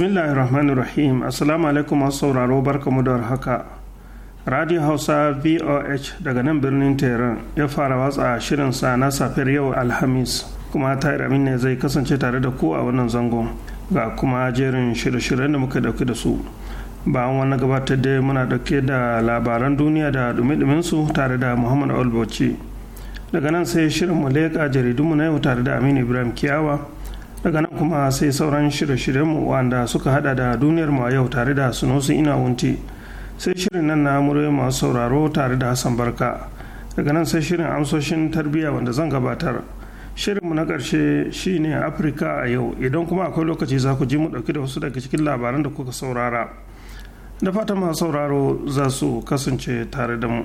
bismillahir rahmanir rahim assalamu alaikum masu sauraro barkamu da haka radio hausa voh daga nan birnin tehran ya fara watsa shirin sa na safiyar yau alhamis kuma tahir amin ne zai kasance tare da ku a wannan zangon ga kuma jerin shirye-shiryen da muka dauki da su bayan wani gabatar da muna dauke da labaran duniya da dumi su tare da muhammad albauchi daga nan sai shirin mu leƙa jaridunmu na yau tare da aminu ibrahim kiyawa daga nan kuma sai sauran shirye shiryen mu wanda suka hada da duniyar mu a yau tare da sunusu ina wunti sai shirin nan na murai masu sauraro tare da hassan barka daga nan sai shirin amsoshin tarbiyya wanda zan gabatar shirin mu na ƙarshe shine afirka a yau idan kuma akwai lokaci za ku ji mu ɗauki da wasu daga cikin labaran da kuka saurara da fata masu sauraro za su kasance tare da mu.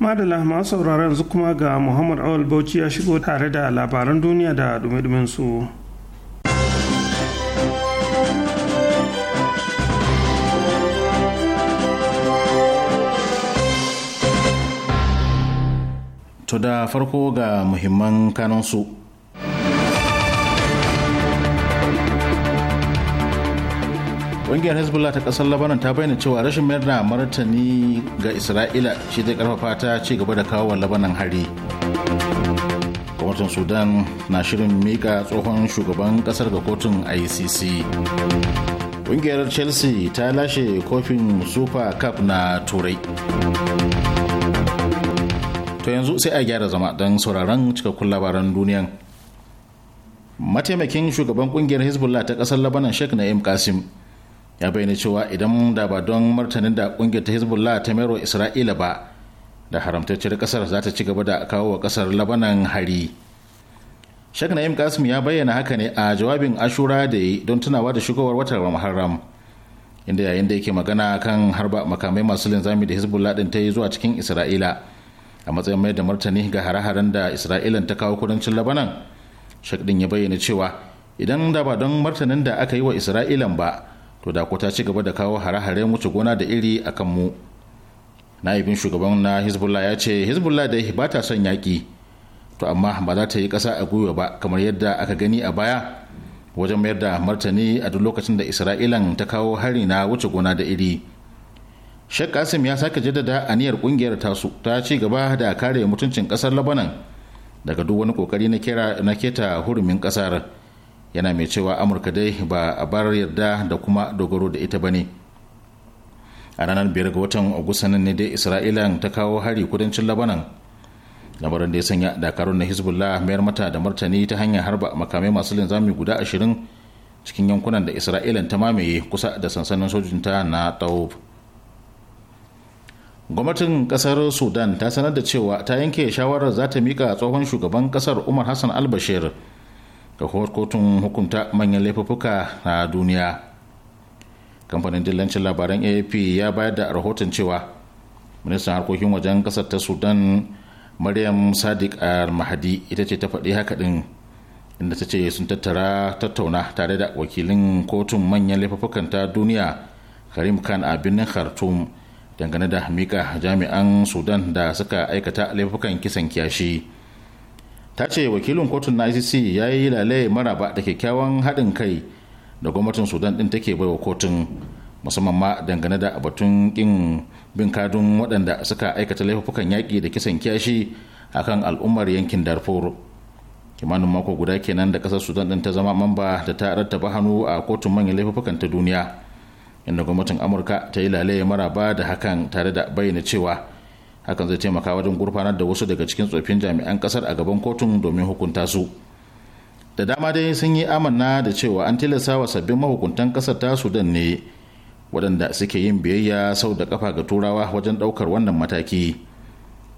madala masu sauraron yanzu kuma ga muhammad awal bauchi ya shigo tare da labaran duniya da dume su. to da farko ga muhimman kanansu ƙungiyar hezbollah ta ƙasar labanan ta bayyana cewa rashin mayar da martani ga isra'ila shi zai karfafa ta ci gaba da kawo labanan hari gwamnatin sudan na shirin mika tsohon shugaban ƙasar ga kotun icc ƙungiyar chelsea ta lashe kofin super cup na turai to yanzu sai a gyara zama don sauraron cikakkun labaran duniyan mataimakin shugaban ƙungiyar hezbollah ta ƙasar labanan sheikh na'im kasim ya bayyana cewa idan da ba don martanin da kungiyar ta hezbollah ta mero isra'ila ba da haramtacciyar kasar za ta ci gaba da kawo wa kasar labanan hari shek na'im kasim ya bayyana haka ne a jawabin ashura da yi don tunawa da shigowar watan muharram inda yayin da yake magana kan harba makamai masu linzami da hezbollah din ta yi zuwa cikin isra'ila a matsayin mai da martani ga hare-haren da isra'ilan ta kawo kudancin labanan shek din ya bayyana cewa idan da ba don martanin da aka yi wa isra'ilan ba to da ko ta ci gaba da kawo hare-hare wuce gona da iri a kan mu na'ibin shugaban na hezbollah ya ce hezbollah da ba ta son yaƙi to amma ba za ta yi ƙasa a gwiwa ba kamar yadda aka gani a baya wajen mayar da martani a duk lokacin da isra'ilan ta kawo hari na wuce gona da iri shek Kasim ya sake jaddada aniyar ƙungiyar tasu ta ci gaba da kare mutuncin ƙasar Labanan daga duk wani ƙoƙari na keta hurumin ƙasar. yana mai cewa amurka dai ba a bar yarda da kuma dogaro da ita ba ne a ranar biyar ga watan agusta nan ne dai isra'ila ta kawo hari kudancin labanan lamarin da ya sanya dakarun na hezbollah mayar mata da martani ta hanyar harba makamai masu linzami guda ashirin cikin yankunan da isra'ila ta mamaye kusa da sansanin sojinta na taub gwamnatin kasar sudan ta sanar da cewa ta yanke shawarar za ta mika tsohon shugaban kasar umar hassan albashir ga kotun hukunta manyan laifuka na duniya kamfanin dillancin labaran afp ya bayar da rahoton cewa ministan harkokin wajen kasar ta sudan maryam sadiq al-mahadi ita ce ta faɗi haka din inda ta ce sun tattara tattauna tare da wakilin kotun manyan laifukan ta duniya karim khan a birnin khartoum dangane da mika jami'an sudan da suka aikata laifukan kisan kiyashi. ta ce wakilin kotun na icc ya yi mara ba da kyakkyawan haɗin kai da gwamnatin sudan ɗin take baiwa kotun musamman ma dangane da batun ƙin bin kadun waɗanda suka aikata laifukan yaƙi da kisan kyashi a kan al'ummar yankin darfur kimanin mako guda kenan da ƙasar sudan ɗin ta zama mamba da ta rattaba hannu a kotun manyan laifukan ta duniya inda gwamnatin amurka ta yi lalaye maraba da hakan tare da bayyana cewa hakan zai taimaka wajen gurfanar da wasu daga cikin tsofin jami'an kasar a gaban kotun domin hukunta su da dama dai sun yi amanna da cewa an tilasta wa sabbin mahukuntan kasar ta sudan ne waɗanda suke yin biyayya sau da kafa ga turawa wajen ɗaukar wannan mataki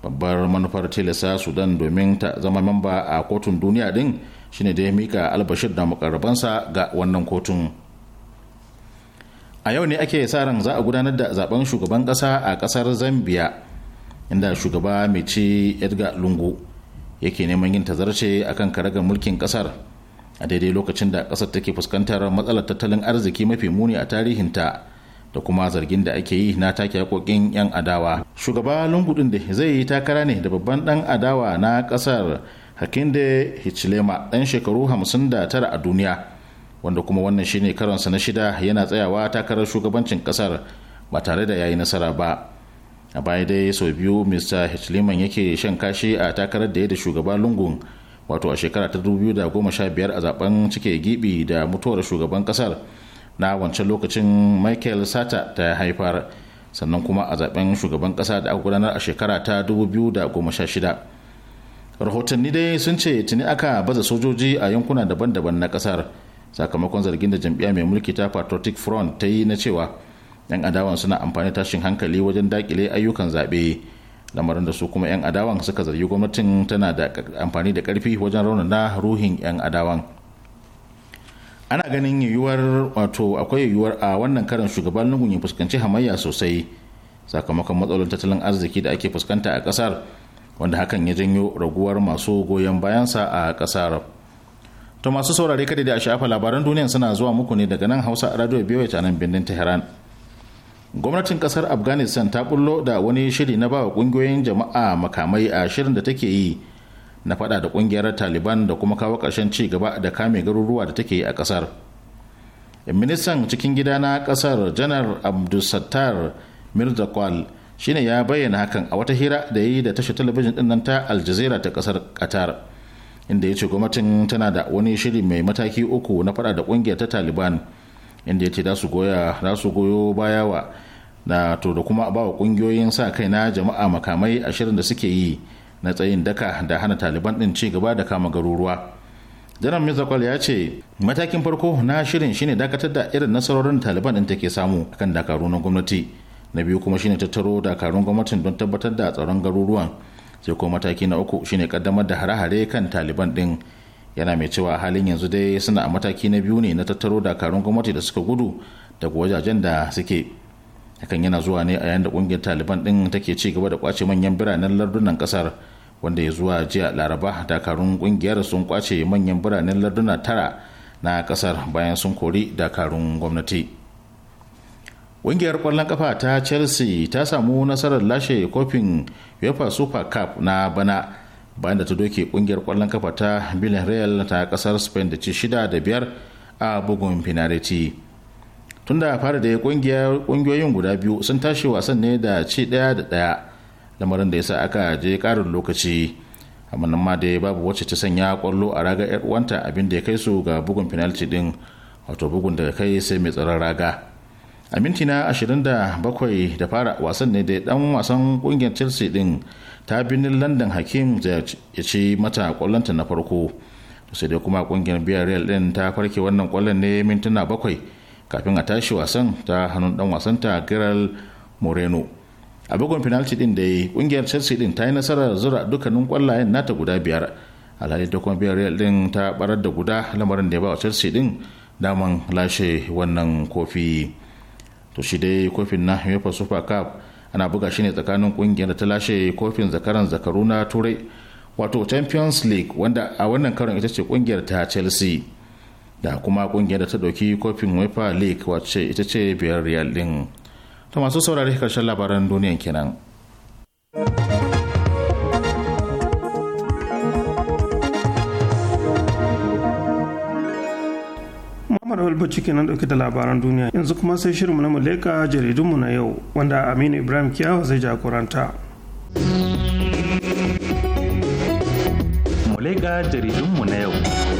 babbar manufar tilasta sudan domin ta zama mamba a kotun duniya din shine da ya mika albashir da mukarrabansa ga wannan kotun a yau ne ake sa ran za a gudanar da zaben shugaban ƙasa a ƙasar zambia inda shugaba mai ci edgar lungu yake neman yin tazarce akan karagar mulkin kasar a daidai lokacin da kasar take fuskantar matsalar tattalin arziki mafi muni a tarihinta da kuma zargin da ake yi na take haƙoƙin 'yan adawa shugaba lungu ɗin da zai yi takara ne da babban ɗan adawa na ƙasar hakinde hichilema ɗan shekaru 59 a duniya wanda kuma wannan shine karonsa na shida yana tsayawa takarar shugabancin ƙasar ba tare da yayi nasara ba a baya dai sau biyu mr liman yake shan kashi a takarar da ya da shugaba lungun wato a shekara ta biyar a zaben cike gibi da mutuwar shugaban kasar na wancan lokacin michael sata ta haifar sannan kuma a zaben shugaban kasa da aka gudanar a shekara ta 2016 rahotanni dai sun ce tuni aka baza sojoji a yankuna daban-daban na kasar sakamakon zargin da jam'iyya mai mulki ta patriotic front ta yi na cewa 'yan adawan suna amfani tashin hankali wajen dakile ayyukan zaɓe lamarin da su kuma 'yan adawan suka zargi gwamnatin tana da amfani da karfi wajen raunana ruhin 'yan adawan ana ganin yiwuwar wato akwai yiwuwar a wannan karan shugaban lungun ya fuskanci hamayya sosai sakamakon matsalolin tattalin arziki da ake fuskanta a kasar wanda hakan ya janyo raguwar masu goyon bayansa a kasar. to masu saurare kada da a shafa labaran duniya suna zuwa muku ne daga nan hausa radio biyu ta nan birnin tehran gwamnatin kasar afghanistan ta bullo da wani shiri na bawa kungiyoyin jama'a makamai a shirin da take yi na fada da kungiyar taliban da kuma kawo karshen ci gaba da kame garuruwa da take yi a kasar ministan cikin gida na kasar janar abdulsattar mirzakwal shine ya bayyana hakan a wata hira da yi da tashar talabijin dinnan ta aljazeera ta kasar qatar inda ya ce gwamnatin tana da wani shiri mai mataki uku na fada da kungiyar ta taliban inda ya ce za su goyo baya wa da to da kuma ba wa kungiyoyin sa kai na jama'a makamai a shirin da suke yi na tsayin daka da hana taliban din ci gaba da kama garuruwa janar mizakwal ya ce matakin farko na shirin shine dakatar da irin nasarorin taliban din take samu kan dakaru na gwamnati na biyu kuma shine tattaro dakarun gwamnatin don tabbatar da tsaron garuruwan sai kuma mataki na uku shine kaddamar da hare-hare kan taliban din yana mai cewa halin yanzu dai suna a mataki na biyu ne na tattaro dakarun gwamnati da suka gudu daga wajajen da suke hakan yana zuwa ne a yayin da kungiyar taliban din take ci gaba da kwace manyan biranen lardunan kasar wanda ya zuwa jiya laraba dakarun kungiyar sun kwace manyan biranen larduna tara na kasar bayan sun kori dakarun gwamnati ƙungiyar ƙwallon kafa ta chelsea ta samu nasarar lashe kofin uefa super cup na bana bayan da ta doke kungiyar kwallon kafa ta real ta kasar Spain da ci shida da biyar a bugun finariti tun da fara da kungiyoyin guda biyu sun tashi wasan ne da ci daya da daya lamarin da ya sa aka je karin lokaci amma nan ma dai babu wacce ta sanya kwallo a raga yar uwanta abin da ya kai su ga bugun finalti din wato bugun daga kai sai mai tsaron raga a minti na 27 da fara wasan ne da dan wasan kungiyar chelsea din ta birnin london hakim ya ce mata kwallonta na farko sai dai kuma kungiyar biyar din ta farke wannan kwallon ne mintuna bakwai kafin a tashi wasan ta hannun dan ta giral moreno a bugun penalty din da kungiyar chelsea din ta yi nasarar zura dukkanin kwallayen nata guda biyar alhali da kuma biyar din ta barar da guda lamarin da ya ba wa chelsea din daman lashe wannan kofi to shi dai kofin na uefa super cup ana buga shi ne tsakanin kungiyar da ta lashe kofin zakaran zakaru na turai wato champions league wanda a wannan karon ita ce kungiyar ta chelsea da kuma kungiyar da ta dauki kofin wepa league wace ita ce biyar real din ta masu saurari karshen labaran duniyan kenan. Muhammad walba cikin nan dauke da labaran duniya yanzu kuma sai shirinmu na muleka jaridunmu na yau wanda Aminu Ibrahim Kiyawa zai jagoranta. Muleka jaridunmu na yau.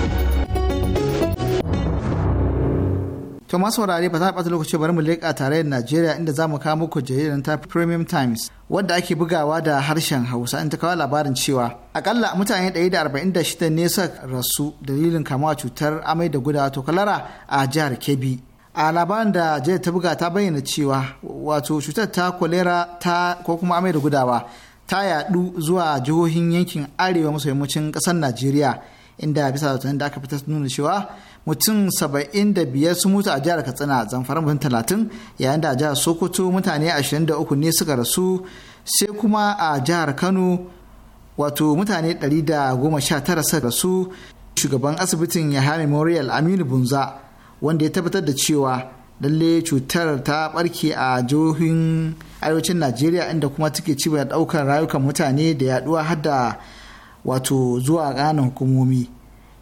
To masu saurare ba za a ɓata lokaci bari mu leƙa tare da Najeriya inda za mu kawo muku jaridar ta Premium Times wadda ake bugawa da harshen Hausa in ta kawo labarin cewa akalla mutane 146 ne suka rasu dalilin kamuwa cutar amai da gudawa to kalara a jihar Kebbi. A labarin da jihar ta buga ta bayyana cewa wato cutar ta kolera ta ko kuma amai da gudawa ta yadu zuwa jihohin yankin arewa maso yammacin ƙasar Najeriya inda bisa da da aka fitar nuna cewa mutum 75 sun mutu a jihar katsina zamfara mutum 30 yayin da a jihar sokoto mutane 23 ne suka rasu sai kuma a jihar kano wato mutane 119 suka rasu shugaban asibitin yahya memorial aminu bunza wanda ya tabbatar da cewa lalle cutar ta barke a jihohin arewacin najeriya inda kuma take cibiyar daukar rayukan mutane da yaduwa har wato zuwa ƙananan hukumomi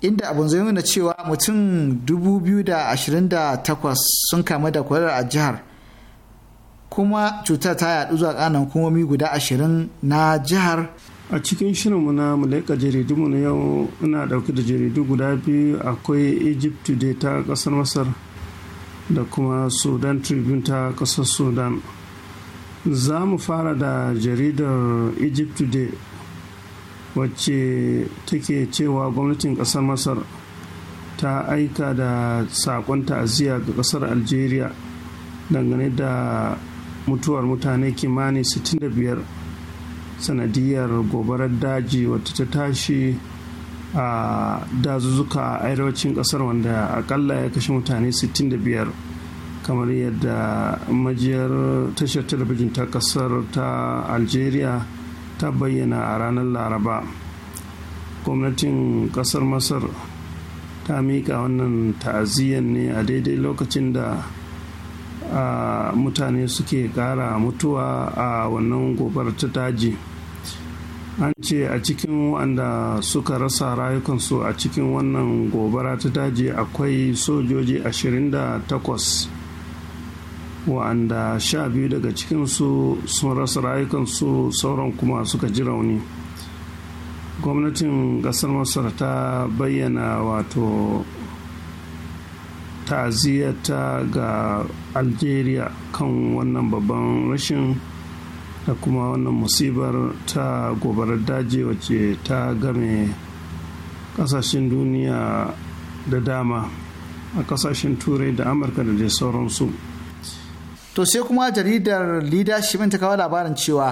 inda abin zai nuna cewa mutum 2028 sun kamu da kwarar a jihar kuma cutar ta yaɗu zuwa kanan hukumomi guda 20 na jihar a cikin shirin na mulaika mu na yau ina ɗauke da jaridu guda biyu akwai egypt today ta ƙasar masar da kuma sudan tribune ta ƙasar sudan za mu fara da jaridar egypt today wacce take cewa gwamnatin ƙasar masar ta aika da saƙon ta'aziyya ga ƙasar algeria dangane da mutuwar mutane kimanin 65 sanadiyar gobarar daji wata ta tashi a dazuzzuka a arewacin ƙasar wanda akalla ya kashe mutane 65 kamar yadda majiyar tashar talabijin ta kasar ta algeria ta bayyana a ranar laraba gwamnatin kasar masar ta mika wannan ta'aziyyar ne a daidai lokacin da a mutane suke kara mutuwa a wannan gobar ta daji an ce a cikin wanda suka rasa rayukansu a cikin wannan gobara ta daji akwai sojoji 28 wa'anda sha biyu daga cikinsu sun rasa rayukansu sauran kuma suka ji rauni gwamnatin kasar masar ta bayyana wato ta'aziyyata ga algeria kan wannan babban rashin da kuma wannan musibar ta gobarar daji wacce ta game kasashen duniya da dama a kasashen turai da amurka da dai sauransu to sai kuma jaridar leadership ta kawo labarin cewa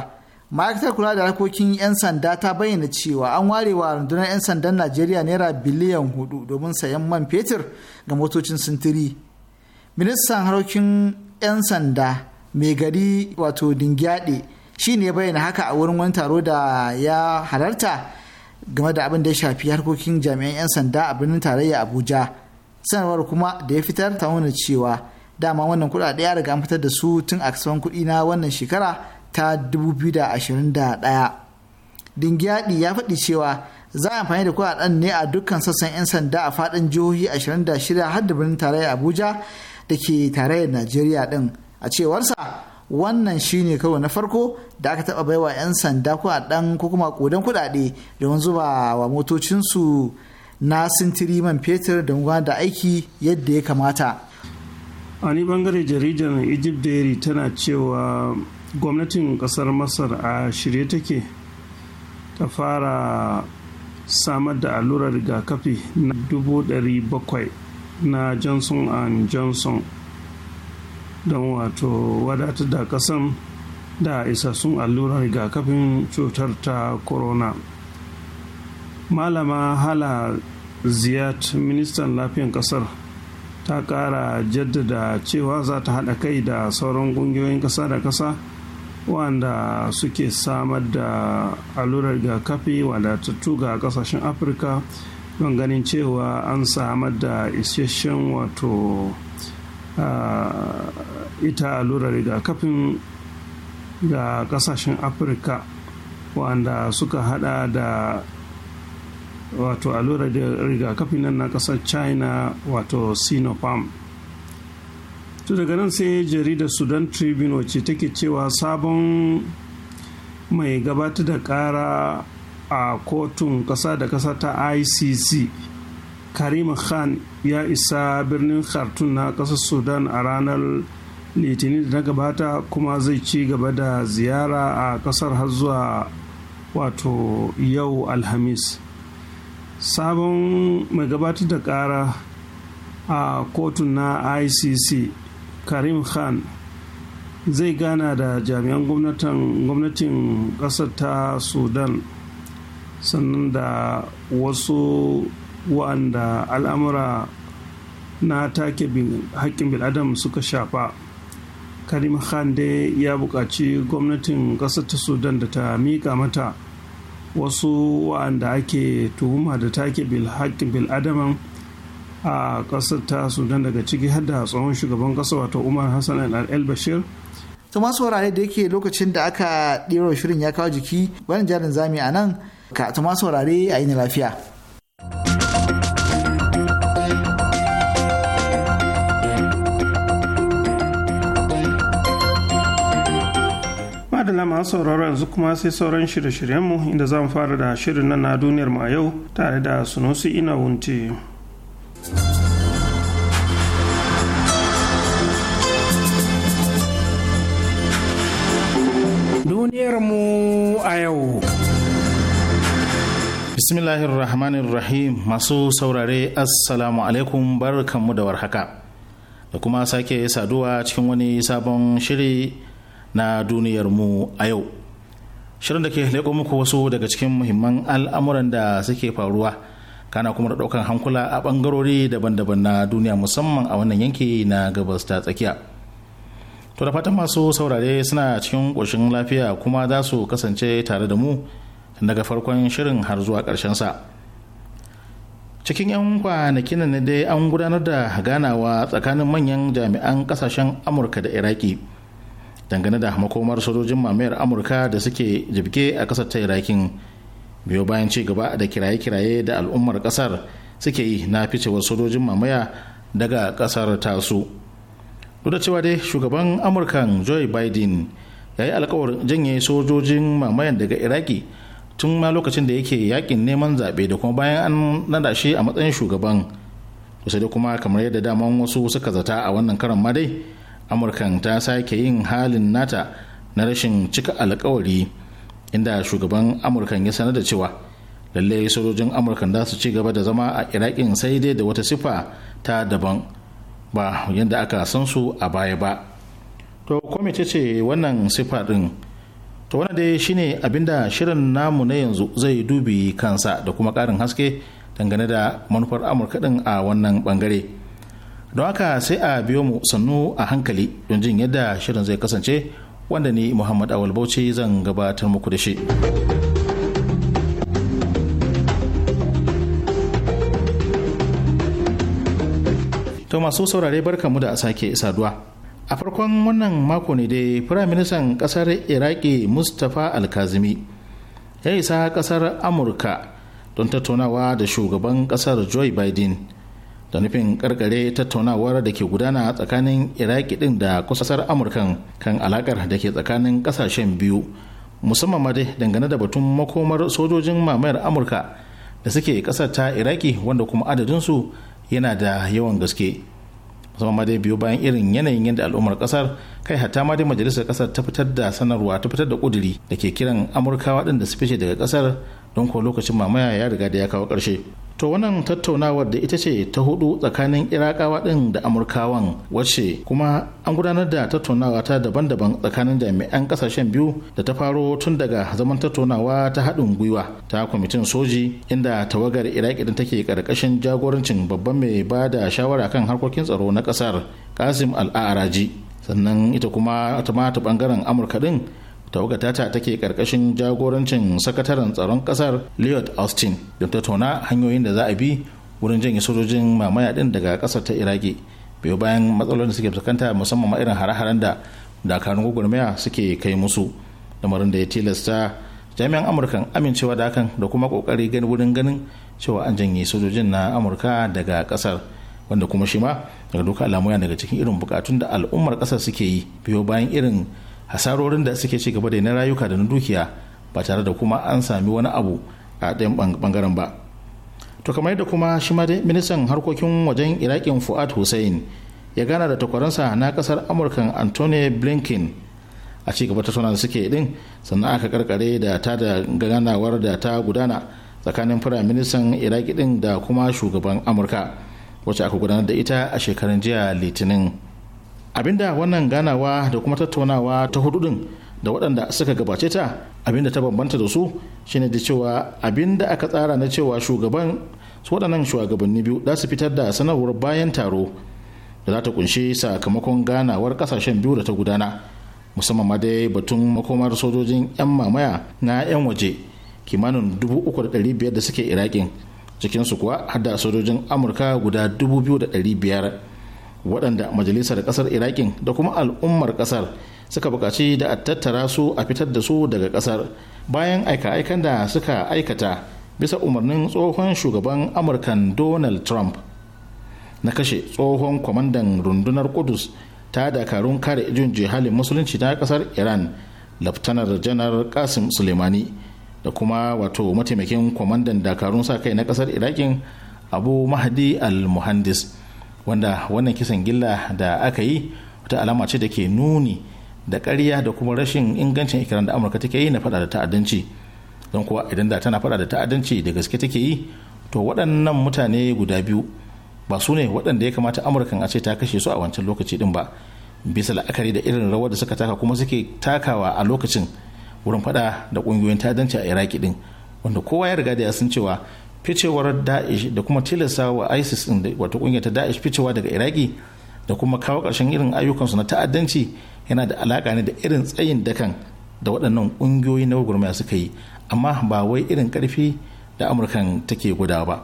ma'aikatar kula da harkokin 'yan sanda ta bayyana cewa an ware wa rundunar 'yan sandan najeriya naira biliyan hudu domin sayan man fetur ga motocin sintiri ministan harkokin 'yan sanda mai gari wato dingyaɗe shi ne bayyana haka a wurin wani taro da ya halarta game da abin da ya shafi harkokin jami'an 'yan sanda a birnin tarayya abuja sanarwar kuma da ya fitar ta nuna cewa dama wannan kuɗaɗe ya riga fitar da su tun a kasuwan kuɗi na wannan shekara ta 2021 dingiyaɗi ya faɗi cewa za a amfani da kuɗaɗen ne a dukkan sassan 'yan sanda a faɗin jihohi 26 har da birnin tarayyar abuja da ke tarayyar najeriya ɗin a cewarsa wannan shine kawai na farko da aka taɓa baiwa 'yan sanda kuɗaɗen ko kuma ƙudan kuɗaɗe don zuba wa motocinsu na sintiri man fetur don da aiki yadda ya kamata. wani bangare jaridar egypt tana cewa gwamnatin kasar masar a shirye take ta fara samar da allurar rigakafi na 700,000 na johnson and johnson don wato wadata da kasan da isassun allurar rigakafin cutar ta corona malama hala ziyat ministan lafiyan kasar ta kara jaddada cewa za ta haɗa kai da sauran ƙungiyoyin ƙasa da ƙasa wanda suke samar da allurar rigakafi wadatattu ga ƙasashen afirka don ganin cewa an samar da isasshen wato ita allurar rigakafin ga ƙasashen afirka wanda suka hada da wato allurar da rigakafi nan na kasar china wato sinopharm to daga nan sai jaridar sudan tribune wacce take cewa sabon mai gabatar da kara a kotun kasa da kasa ta icc karim khan ya isa birnin khartun na kasar sudan a ranar litinin da na gabata kuma zai ci gaba da ziyara a kasar har zuwa wato yau alhamis sabon mai gabatar da kara a kotun na icc karim khan zai gana da jami'an gwamnatin kasar ta sudan sannan da wasu wanda al'amura na take haƙƙin bil'adam suka shafa karim khan dai ya buƙaci gwamnatin ƙasar ta sudan da ta miƙa mata wasu wa'anda ake tuhuma da take bilhaƙin bil'adaman a ƙasar ta sudan daga ciki har da tsohon shugaban ƙasa wato umar hassan al bashir to masu wurare da yake lokacin da aka ɗero shirin ya kawo jiki wani jarin zami a nan ka to masu wurare a yi lafiya madala masu sauraro yanzu kuma sai sauran shirye-shiryenmu inda za mu fara da shirin nan na duniyar ma yau tare da sunusi ina duniyar Duniyarmu a yau. Bismillahirrahmanirrahim masu saurare Assalamu alaikum barkanmu da warhaka da kuma sake saduwa cikin wani sabon shiri na duniyar mu a yau shirin da ke leƙo muku wasu daga cikin muhimman al'amuran da suke faruwa kana kuma da ɗaukan hankula a ɓangarori daban-daban na duniya musamman a wannan yanki na gabas ta tsakiya to da fatan masu saurare suna cikin ƙoshin lafiya kuma za su kasance tare da mu daga farkon shirin har zuwa ƙarshen sa. cikin 'yan kwanakin ne dai an gudanar da ganawa tsakanin manyan jami'an ƙasashen amurka da iraki dangane da makomar sojojin mamayar amurka da suke jibge a kasar ta irakin biyo bayan ci gaba da kiraye-kiraye da al'ummar kasar suke yi na ficewar sojojin mamaya daga kasar tasu duk da cewa dai shugaban amurkan joe biden ya yi alkawarin janye sojojin mamayan daga iraki tun ma lokacin da yake yakin neman zaɓe da kuma bayan an nada shi a matsayin shugaban sai dai kuma kamar yadda daman wasu suka zata a wannan karan ma dai amurkan ta sake yin halin nata na rashin cika alkawari inda shugaban amurkan ya sanar da cewa lallai sojojin amurkan za su ci gaba da zama a iraƙin sai dai da wata sifa ta daban ba yadda aka san su a baya ba to kome ce ce wannan sifa ɗin to wannan dai shine abinda shirin namu na yanzu zai dubi kansa da kuma ƙarin haske dangane da manufar amurka ɗin a wannan bangare. don haka sai a biyo mu sannu a hankali don jin yadda shirin zai kasance wanda ni muhammad awal bauchi zan gabatar muku da shi to masu saurare barkamu da sake saduwa a farkon wannan mako ne dai firaministan kasar iraki mustapha alkazimi ya isa kasar amurka don tattaunawa da shugaban kasar joe biden da nufin karkare tattaunawar da ke gudana tsakanin iraki din da kusasar amurkan kan alakar da ke tsakanin kasashen biyu musamman ma dai dangane da batun makomar sojojin mamayar amurka da suke kasar ta iraki wanda kuma adadinsu yana da yawan gaske musamman ma dai biyu bayan irin yanayin yadda al'ummar kasar kai hatta ma dai majalisar kasar ta fitar da sanarwa ta fitar da kuduri da ke kiran amurkawa din da su fice daga kasar don ko lokacin mamaya ya riga da ya kawo karshe to wannan tattaunawar da ita ce ta hudu tsakanin irakawa ɗin da amurkawan wacce kuma an gudanar da tattaunawa ta daban-daban tsakanin jami'an ƙasashen biyu da ta faro tun daga zaman tattaunawa ta haɗin gwiwa ta kwamitin soji inda tawagar iraki ɗin take ƙarƙashin jagorancin babban mai ba da shawara kan harkokin tsaro na ƙasar kasim al'araji sannan ita kuma ta ɓangaren amurka ɗin tawaga ta take karkashin jagorancin sakataren tsaron kasar lloyd austin da tattauna hanyoyin da za a bi wurin janye sojojin mamaya din daga kasar ta iraki bai bayan matsalolin da suke fuskanta musamman irin hare da dakarun gwagwarmaya suke kai musu lamarin da ya tilasta jami'an amurkan amincewa da hakan da kuma kokari gani wurin ganin cewa an janye sojojin na amurka daga kasar wanda kuma shi ma daga duka alamu daga cikin irin bukatun da al'ummar kasar suke yi biyo bayan irin hasarorin da suke ci gaba da na rayuka da na dukiya ba tare da kuma an sami wani abu a ɗayan bangaren ba to kamar yadda kuma shi ma dai ministan harkokin wajen iraƙin fuad hussein ya gana da takwaransa na kasar amurkan antony blinken a ci gaba suna da suke din sannan aka karkare da ta da ganawar da ta gudana tsakanin firayim ministan iraki din da kuma shugaban amurka wacce aka gudanar da ita a shekarun jiya litinin abinda wannan ganawa da kuma tattaunawa ta hudu da waɗanda suka gabace ta abinda ta bambanta da su shine da cewa abinda aka tsara na cewa shugaban su waɗannan shugabanni biyu za su fitar da sanarwar bayan taro da za ta kunshi sakamakon ganawar ƙasashen biyu da ta gudana musamman ma dai batun makomar sojojin 'yan mamaya na 'yan waje kimanin 3,500 da suke iraƙin cikinsu kuwa har da sojojin amurka guda 2,500 waɗanda majalisar ƙasar irakin da kuma al'ummar ƙasar suka buƙaci da a tattara su a fitar da su daga ƙasar bayan aika-aikan da suka aikata bisa umarnin tsohon shugaban amurkan donald trump na kashe tsohon kwamandan rundunar kudus ta dakarun kare jin jihalin musulunci ta ƙasar iran laftanar janar kasim suleimani da kuma wato mataimakin kwamandan dakarun sa kai na ƙasar iraƙin abu mahdi al-muhandis wanda wannan kisan gilla da aka yi wata alama ce da ke nuni da karya da kuma rashin ingancin ikiran da amurka take yi na fada da ta'addanci don kuwa idan da tana fada da ta'addanci da gaske take yi to waɗannan mutane guda biyu ba su ne waɗanda ya kamata amurkan a ce ta kashe su a wancan lokaci din ba bisa la'akari da irin rawar da suka taka kuma suke takawa a lokacin wurin fada da ƙungiyoyin ta'addanci a iraki din wanda kowa ya riga da ya san cewa ficewar da'ish da kuma tilasta wa isis din wata kungiyar ta da'ish ficewa daga iraki da kuma kawo karshen irin ayyukansu na ta'addanci yana da alaka ne da irin tsayin dakan da waɗannan ƙungiyoyi na gwagwarmaya suka yi amma ba wai irin ƙarfi da amurkan take guda ba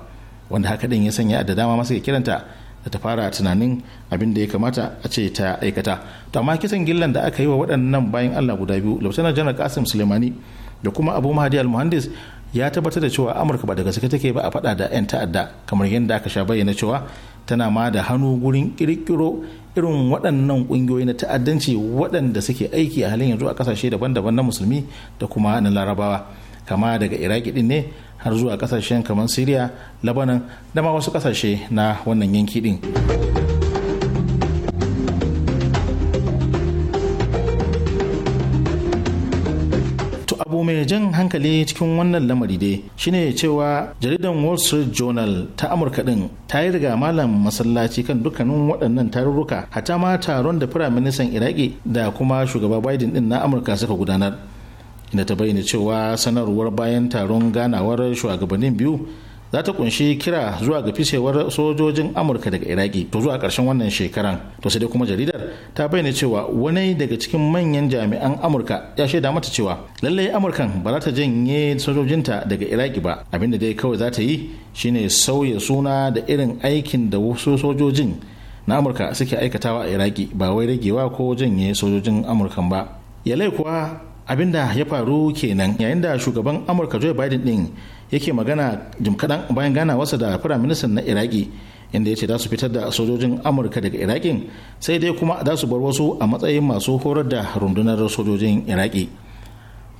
wanda haka ɗin ya sanya da dama masu kiranta da ta fara tunanin abin da ya kamata a ce ta aikata to amma kisan gillan da aka yi wa waɗannan bayan allah guda biyu lautanar janar kasim sulemani da kuma abu mahadi al-muhandis ya tabbatar da cewa amurka ba da gaske take ba a fada da 'yan ta'adda kamar yadda aka sha bayyana cewa tana ma da hannu gurin kirkiro irin waɗannan ƙungiyoyi na ta'addanci waɗanda suke aiki a halin yanzu a ƙasashe daban-daban na musulmi da kuma na larabawa kama daga iraki din ne har zuwa ƙasashen kamar syria labanan da ma wasu ƙasashe na wannan yanki din. mai jan hankali cikin wannan lamari dai shine cewa jaridan wall street journal ta amurka din ta yi riga malam masallaci kan dukkanin waɗannan tarurruka hata ma taron da firaministan iraki da kuma shugaba biden din na amurka suka gudanar inda ta bayyana cewa sanarwar bayan taron ganawar shugabannin biyu za ta kunshi kira zuwa ga fisewar sojojin amurka daga iraki to zuwa karshen wannan shekaran to sai dai kuma jaridar ta bayyana cewa wani daga cikin manyan jami'an amurka ya shaida mata cewa lallai amurkan ba za ta janye sojojinta daga iraki ba abinda dai kawai za ta yi shine sauya suna da irin aikin da wasu sojojin na amurka suke aikatawa a iraki ba wai ragewa ko janye sojojin amurkan ba yalai kuwa abinda ya faru kenan yayin da shugaban amurka joe biden din yake magana jim kaɗan bayan gana wasa da firaministan na iraki inda ya ce za su fitar da sojojin amurka daga irakin sai dai kuma za su bar wasu a matsayin masu horar da rundunar sojojin iraki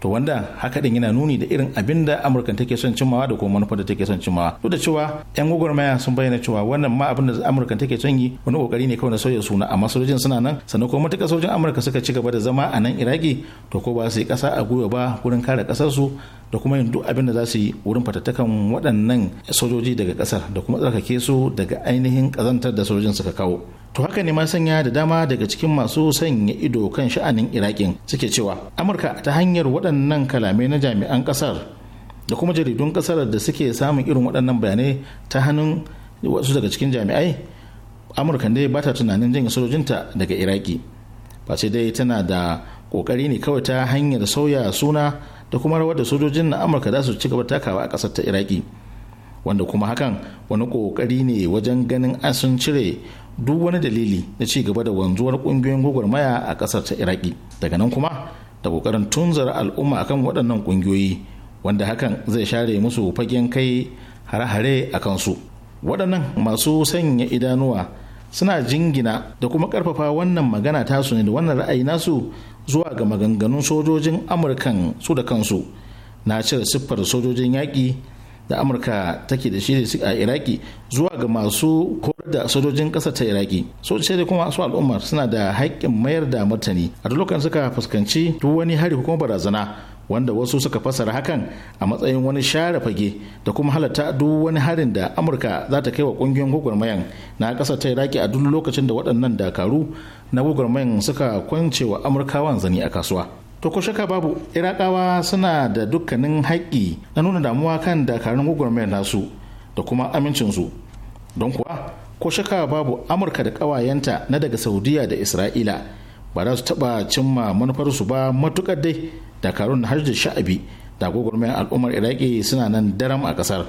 to wanda haka din yana nuni da irin abin da amurka take son cimmawa da kuma manufar da take son cimmawa duk da cewa yan gwagwarmaya sun bayyana cewa wannan ma abin da amurka take son yi wani kokari ne kawai na sauya suna amma sojojin suna nan sannan kuma matuƙa sojojin amurka suka ci gaba da zama a nan iraki to ko ba su yi ƙasa a gwiwa ba wurin kare ƙasarsu da kuma yin duk abin da za su yi wurin fatattakan waɗannan sojoji daga ƙasar da kuma tsarkake su daga ainihin ƙazantar da sojojin suka kawo to haka ne ma sanya da dama daga cikin masu sanya ido kan sha'anin irakin suke cewa amurka ta hanyar waɗannan kalamai na jami'an ƙasar da kuma jaridun ƙasar da suke samun irin waɗannan bayanai ta hannun wasu daga cikin jami'ai amurka ne ba ta tunanin janye sojojinta daga iraki ba sai dai tana da ƙoƙari ne kawai ta hanyar sauya suna da kuma rawar da sojojin na amurka za su ci gaba takawa a ƙasar ta iraki wanda kuma hakan wani ƙoƙari ne wajen ganin an sun cire duk wani dalili na ci gaba da wanzuwar kungiyoyin gwagwarmaya a kasar ta iraki daga nan kuma da kokarin tunzara al'umma akan waɗannan kungiyoyi wanda hakan zai share musu fagen kai hare-hare a kansu waɗannan masu sanya idanuwa suna jingina da kuma ƙarfafa wannan magana tasu ne da wannan ra'ayi nasu zuwa ga maganganun sojojin amurkan su da kansu na cire siffar sojojin yaƙi da amurka take da shi a iraki zuwa ga masu korar da sojojin ƙasa ta iraki sojojin da kuma su al'ummar suna da haƙƙin mayar da martani a duk lokacin suka fuskanci duk wani hari kuma barazana wanda wasu suka fasara hakan a matsayin wani share fage da kuma halatta duk wani harin da amurka za ta kai wa kungiyoyin gwagwarmayan na ƙasar ta iraki a duk lokacin da waɗannan dakaru na gwagwarmayan suka kwance wa amurkawan zani a kasuwa to ko shaka babu irakawa suna da dukkanin haƙƙi na nuna damuwa kan dakarun gwagwarmayar nasu da kuma amincinsu don kuwa ko shaka babu amurka da ƙawayenta na daga saudiya da isra'ila ba za su taɓa cimma manufarsu ba matukar dai dakarun har da sha'abi da gwagwarmayar al'ummar iraki suna nan daram a ƙasar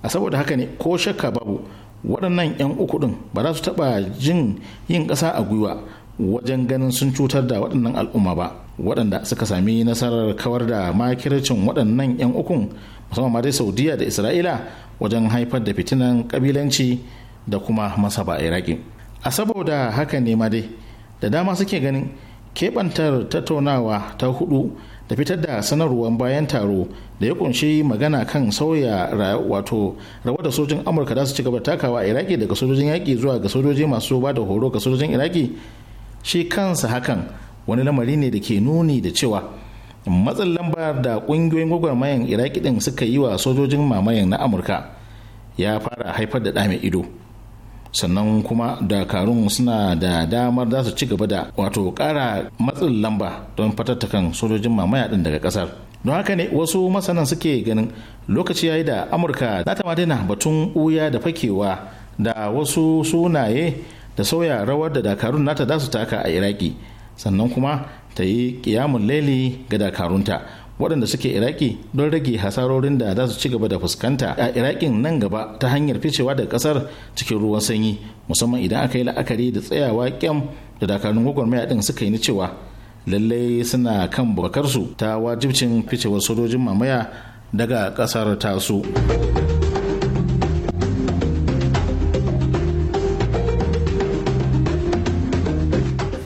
a saboda haka ne ko shaka babu waɗannan 'yan uku ɗin ba za su taba jin yin ƙasa a gwiwa wajen ganin sun cutar da waɗannan al'umma ba waɗanda suka sami nasarar kawar da makircin waɗannan 'yan ukun musamman ma dai saudiya da isra'ila wajen haifar da fitinan kabilanci da kuma masaba iraki a saboda haka ne ma dai da dama suke ganin keɓantar tattaunawa ta hudu da fitar da sanarwar bayan taro da ya kunshi magana kan sauya wato rawar da sojojin amurka za su ci gaba takawa a iraki daga sojojin yaƙi zuwa ga sojoji masu ba da horo ga sojojin iraki shi kansa hakan wani lamari ne da ke nuni da cewa matsin lambar da ƙungiyoyin gwagwarmayan iraki ɗin suka yi wa sojojin mamayan na amurka ya fara haifar da ɗame ido sannan kuma dakarun suna da damar za su ci gaba da wato ƙara matsin lamba don fatattakan sojojin mamaya din daga ƙasar don haka ne wasu masanan suke ganin lokaci yayi da amurka za ta batun uya da fakewa da wasu sunaye da sauya rawar da dakarun nata za su taka a iraki sannan kuma ta yi kiyamun laili ga dakarunta waɗanda suke iraki don rage hasarorin da za su ci gaba da fuskanta a irakin nan gaba ta hanyar ficewa da ƙasar cikin ruwan sanyi musamman idan aka yi la'akari da tsayawa kyam da dakarun gwagwarmaya ɗin suka yi ni cewa lallai suna kan bakarsu ta wajibcin ficewar sojojin mamaya daga ƙasar tasu.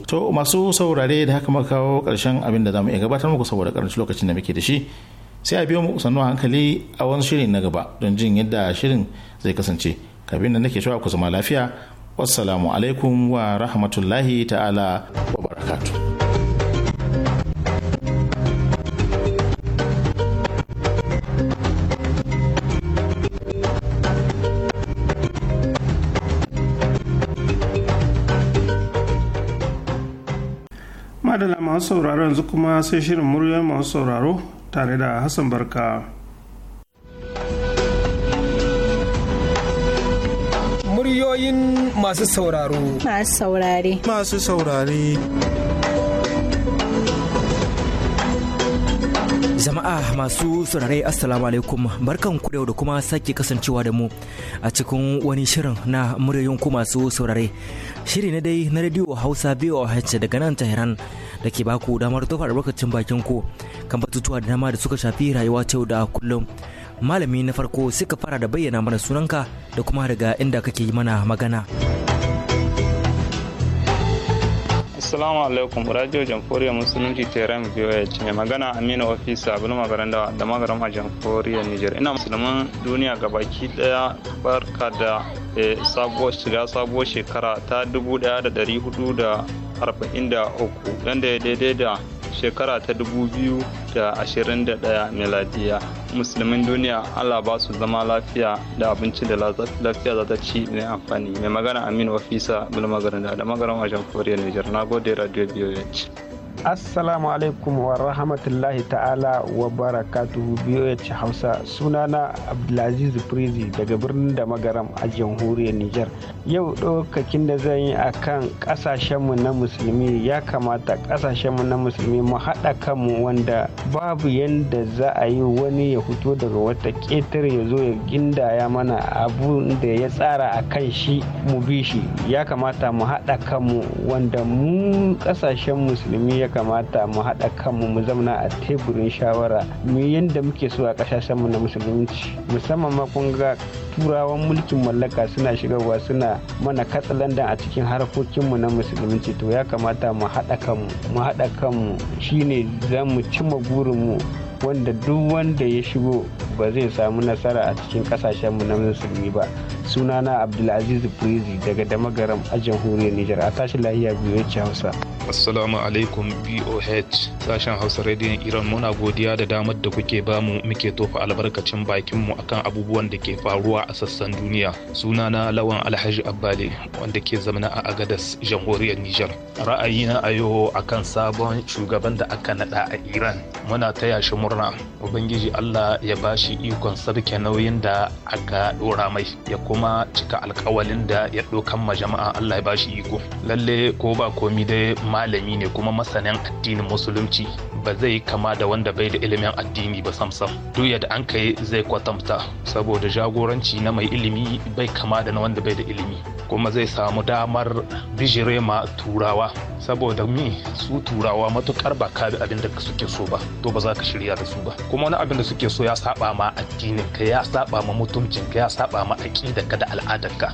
to masu saurare da haka muka kawo karshen abin da zamu iya gabatar muku saboda karancin lokacin da muke da shi sai a biyo muku sannu hankali a wani shirin na gaba don jin yadda shirin zai kasance kabin da nake cewa ku zama lafiya wassalamu alaikum wa rahmatullahi ta'ala wa barakatuh madala masu sauraro yanzu kuma sai shirin muryoyin masu sauraro tare da hassan barka muryoyin masu sauraro masu saurare masu saurare jama'a masu saurare assalamu alaikum barkan ku da kuma sake kasancewa da mu a cikin wani shirin na muryoyin ku masu saurare shiri na dai na radio hausa biyu a daga nan tehran da ke baku damar tofa albarkacin bakin ku kan batutuwa da dama da suka shafi rayuwa ta yau da kullum. Malami na farko suka fara da bayyana mana sunanka da kuma daga inda kake yi mana magana. Assalamu alaikum Radio Jamhuriyar Musulunci Tehran VOH mai magana Aminu ofis abin Barandawa da magaram a niger Nijar. Ina musulman duniya baki daya barka da eh, sabuwar shiga sabuwar shekara ta 1400 43 wanda ya daidai da shekara ta dubu biyu da da ashirin 2021 miladiya musulmin duniya allah ba su zama lafiya da abinci da lafiya za ta ci mai amfani mai magana aminu wafisa bulmagarin da magaran wajen koriya nijar na gode radio biyoyi Assalamu alaikum wa rahmatullahi ta'ala wa barakatuhu ci Hausa sunana Abdulaziz Prezi daga birnin da magaram a jamhuriyar Nijar. Yau ɗaukakin da zan yi a kan ƙasashenmu na musulmi ya kamata ƙasashenmu na musulmi mu haɗa kanmu wanda babu yadda za a yi wani ya fito daga wata ƙetar ya zo ya gindaya mana abun da ya tsara a kan shi mu bi shi ya kamata mu haɗa kanmu wanda mu ƙasashen musulmi ya kamata mu haɗa kanmu mu zauna a teburin shawara mu yadda muke so a mu na musulunci musamman ma kun ga turawan mulkin mallaka suna shigarwa suna mana katsalandan a cikin harkokinmu na musulunci to ya kamata mu haɗa kanmu mu haɗa kanmu shine za mu cimma burinmu wanda duk wanda ya shigo ba zai samu nasara a cikin kasashenmu na musulmi ba sunana abdulaziz prezi daga damagaram a jamhuriyar nijar a tashi lahiya biyu hausa Assalamu alaikum BOH sashen Hausa rediyon Iran muna godiya da damar da kuke bamu muke tofa albarkacin bakin mu akan abubuwan da ke faruwa a sassan duniya. Sunana Lawan Alhaji Abbali wanda ke zamana a Agadas jamhuriyar Nijar. Ra'ayina a yau akan sabon shugaban da aka naɗa a Iran. Muna taya shi murna. Ubangiji Allah ya bashi ikon sarke nauyin da aka dora mai ya kuma cika alkawalin da ya dokan ma jama'a Allah ya bashi iko. Lalle ko ba komi dai ma malami ne kuma masanin addinin musulunci ba zai kama da wanda bai da ilimin addini ba samsam duk yadda an kai zai kwatamta saboda jagoranci na mai ilimi bai kama da na wanda bai da ilimi kuma zai samu damar bijire ma turawa saboda mi su turawa matukar ba ka abin da suke so ba to ba za ka shirya da su ba kuma wani abin da suke so ya saba ma addinin ka ya saba ma mutuncin ka ya saba ma aqidar ka da al'adar ka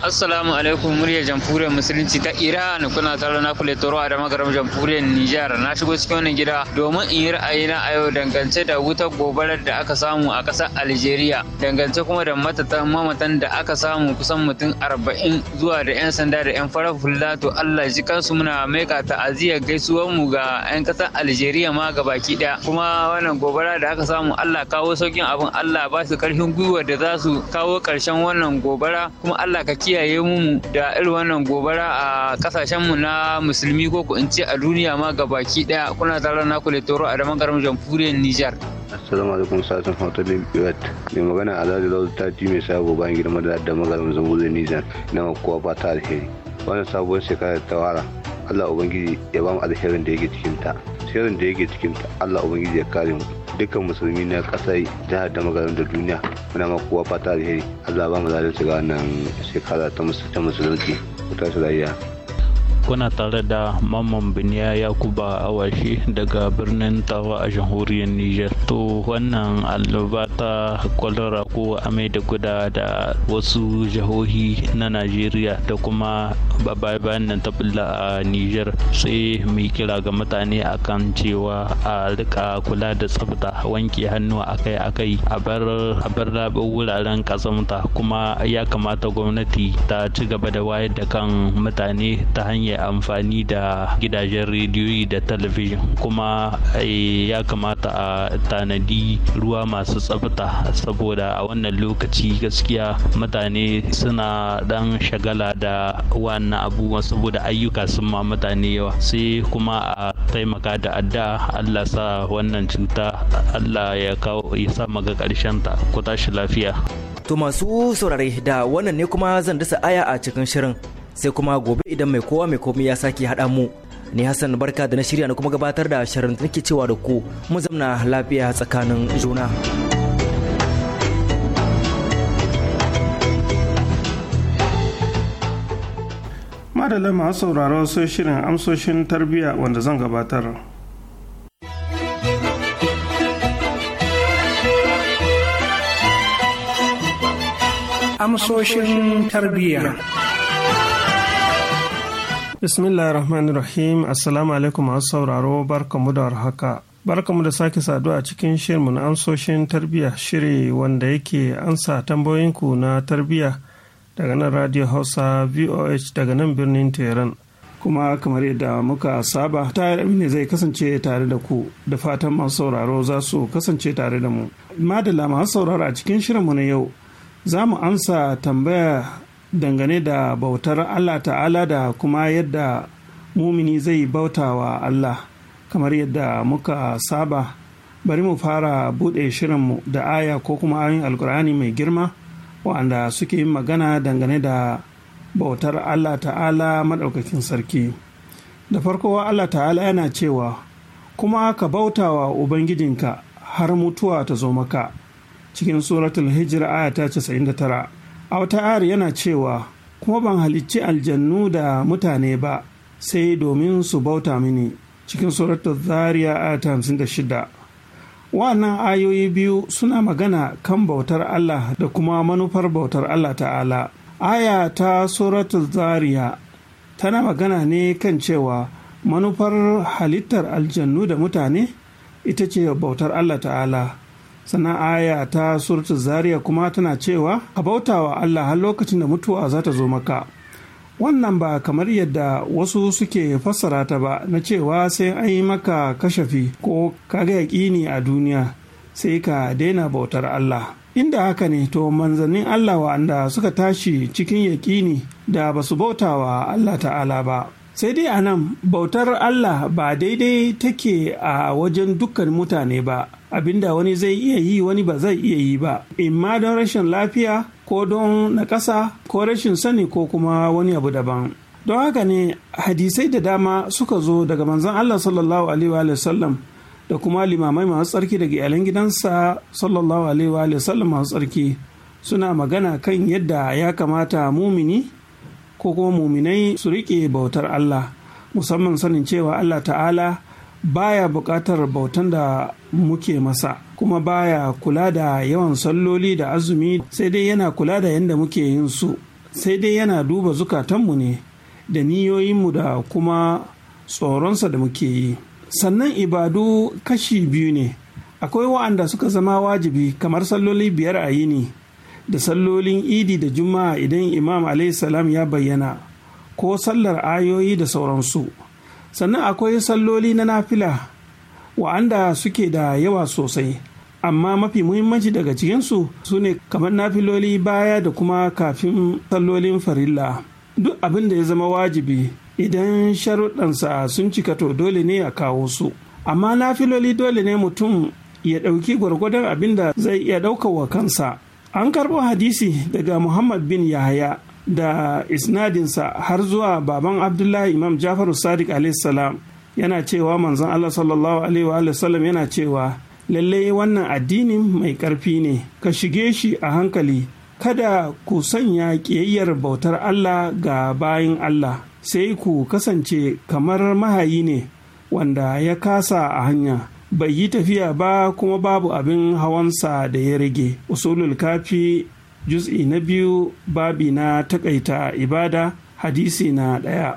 Assalamu alaikum muryar jamhuriyar musulunci ta Iran kuna tare na kule toro a dama garin jamhuriyar Nijar na shigo cikin wannan gida domin in yi ra'ayi na a yau dangance da wutar gobarar da aka samu a ƙasar Algeria dangance kuma da matatan mamatan da aka samu kusan mutum arba'in zuwa da 'yan sanda da 'yan farar hula to Allah ji kansu muna maika ta'aziyar gaisuwar mu ga 'yan ƙasar Algeria ma ga baki ɗaya kuma wannan gobara da aka samu Allah kawo saukin abin Allah ba su karfin gwiwa da za su kawo ƙarshen wannan gobara kuma Allah ka kiyaye mu da irin wannan gobara a kasashen mu na musulmi ko ku in ce a duniya ma gabaki daya kuna tare na toro a daman garin jamhuriyar Nijar. assalamu alaikum satin hotel biwat mai magana a alhaji lauzu ta ji mai sabo bayan girma da da garin zango nijar na makuwa ba ta alheri wannan sabuwar shekara ta wara Allah ubangiji ya ba mu alherin da yake cikin ta sirrin da yake cikin ta Allah ubangiji ya kare mu dukkan musulmi na ƙasa jihar da magarin da duniya muna ma kowa fata alheri Allah ba mu zalunci ga wannan shekara ta musulunci ku tashi lafiya kuna tare da mamman biniya yakuba awashi daga birnin tawa a jamhuriyar niger to wannan annoba ta kwalara ko amai da guda da wasu jihohi na najeriya da kuma bayan nan ta a niger sai mu kira ga mutane akan cewa a rika kula da tsabta wanke hannu akai-akai a bar labin wuraren kasamta kuma ya kamata gwamnati ta ci gaba da wayar da kan mutane ta hanyar shine amfani da gidajen rediyoyi da talabijin kuma eh, ya kamata a tanadi ruwa masu tsafta saboda a wannan lokaci gaskiya mutane suna dan shagala da wannan abubuwa saboda ayyuka sun ma mutane yawa sai kuma a taimaka da addu'a allah sa wannan cuta allah ya kawo ya sa maga karshen ta ku tashi lafiya to masu saurare da wannan ne kuma zan dasa aya a cikin shirin sai kuma gobe idan mai kowa mai komai ya sake haɗa mu ni hassan barka da na shirya na kuma gabatar da shirin nake cewa da ku mu zamna lafiya tsakanin juna madalla masu sauraro sai shirin amsoshin tarbiyya wanda zan gabatar amsoshin tarbiyya bismillahir rahmanir rahim assalamu alaikum masu sauraro barkamu da haka barkamu da sake saduwa a cikin shirinmu na amsoshin tarbiyya shiri wanda yake ansa tambayoyinku na tarbiyya daga nan radio hausa voh daga nan birnin tehran kuma kamar yadda muka saba tayar ne zai kasance tare da ku da fatan masu sauraro za su kasance tare da mu madalla masu sauraro a cikin shirinmu na yau za mu amsa tambaya dangane da bautar Allah ta'ala da kuma yadda mumini zai bauta wa Allah kamar yadda muka saba bari mu fara buɗe shirinmu da aya ko kuma ayin alkur'ani mai girma wa'anda suke yin magana dangane da bautar Allah ta'ala maɗaukakin sarki da farko Allah ta'ala yana cewa kuma ka bauta wa ubangijinka har mutuwa ta zo maka cikin suratul hijira aya ta 99 a wata ari yana cewa kuma ban halicci aljannu da mutane ba sai domin su bauta mini cikin suratul zariya a shida. wannan ayoyi biyu suna magana kan bautar Allah da kuma manufar bautar Allah ta'ala aya ta suratul Zaria tana magana ne kan cewa manufar halittar aljannu da mutane ita ce bautar Allah ta'ala Sana'a aya ta surta zaria kuma tana cewa ka bautawa allah har lokacin da mutuwa za ta zo maka wannan ba kamar yadda wasu suke fassara ta ba na cewa sai an yi maka kashafi ko kaga yaƙini a duniya sai ka daina bautar allah inda haka ne to manzannin allah wa'anda suka tashi cikin yaƙini da ba su wa allah ta'ala ba sai dai a nan bautar allah ba daidai take a wajen dukkan mutane ba abinda wani zai iya yi wani ba zai iya yi ba imma don rashin lafiya ko don nakasa ko rashin sani ko kuma wani abu daban don haka ne hadisai da dama suka zo daga manzon Allah sallallahu alaihi wa sallam da kuma limamai masu tsarki daga iyalan gidansa sallallahu alaihi wa sallam masu tsarki suna magana kan yadda ya kamata mumini ko kuma muminai su riƙe bautar Allah musamman sanin cewa Allah ta'ala baya buƙatar bautan da muke masa kuma baya kula da yawan salloli da azumi sai dai yana kula da yadda muke yin su sai dai yana duba zukatanmu ne da niyoyinmu da kuma tsoronsa da muke yi sannan ibadu kashi biyu ne akwai wa'anda suka zama wajibi kamar salloli biyar a yini da sallolin idi da juma'a idan imam salam ya bayyana ko sallar ayoyi da sauransu sannan akwai salloli na nafila wa'anda suke da yawa sosai amma mafi muhimmanci daga cikinsu su ne kamar nafiloli baya da kuma kafin sallolin farilla duk abin da ya zama wajibi idan sharuɗansa sun cika to dole ne a kawo su amma nafiloli dole ne mutum ya ɗauki gwargwadon abin da zai iya ɗaukawa wa kansa an karɓo hadisi daga muhammad bin yahaya da isnadinsa har zuwa baban abdullahi imam jafaru sadiq salam yana cewa manzon allah sallallahu alaihi wa yana cewa lalle wannan addinin mai ƙarfi ne ka shige shi a hankali kada ku sanya ƙiyayyar bautar allah ga bayan allah sai ku kasance kamar mahayi ne wanda ya kasa a hanya bai yi tafiya ba kuma babu abin hawansa da ya rage usulul kafi juz'i na biyu babi na takaita ibada hadisi na ɗaya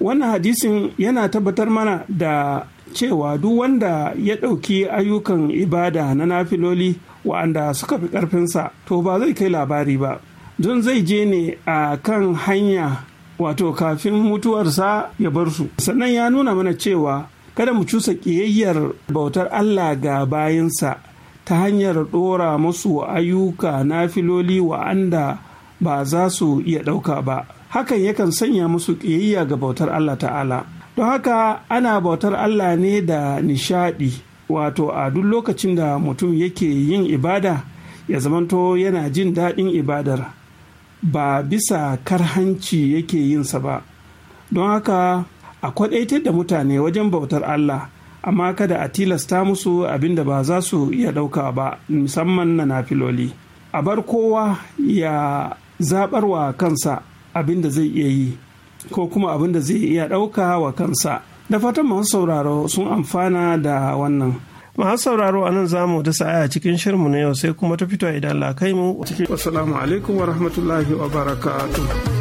wannan hadisin yana tabbatar mana da cewa duk wanda ya ɗauki ayyukan ibada na nafiloli wa'anda suka fi ƙarfinsa to ba zai kai labari ba don zai je ne a kan hanya wato kafin mutuwarsa ya bar su sannan ya nuna mana cewa kada mu cusa ƙiyayyar bautar allah ga bayansa ta hanyar ɗora musu ayyuka na filoli wa'anda ba za su iya ɗauka ba hakan yakan sanya musu ƙiyayya ga bautar Allah ta'ala don haka ana bautar Allah ne da nishaɗi wato a duk lokacin da mutum yake yin ibada ya zamanto yana jin daɗin ibadar ba bisa karhanci yake yinsa ba don haka a kwaɗaitar da mutane wajen bautar Allah amma kada a tilasta musu abin da ba za su iya ɗauka ba musamman na nafiloli a bar kowa ya zaɓarwa kansa abin da zai iya yi ko kuma abin da zai iya ɗauka wa kansa da fatan masu sauraro sun amfana da wannan masu sauraro a nan zamu da sa'a cikin shirmu na yau sai kuma ta fito idan Allah kai mu. Assalamu alaikum wa rahmatullahi wa barakatuh.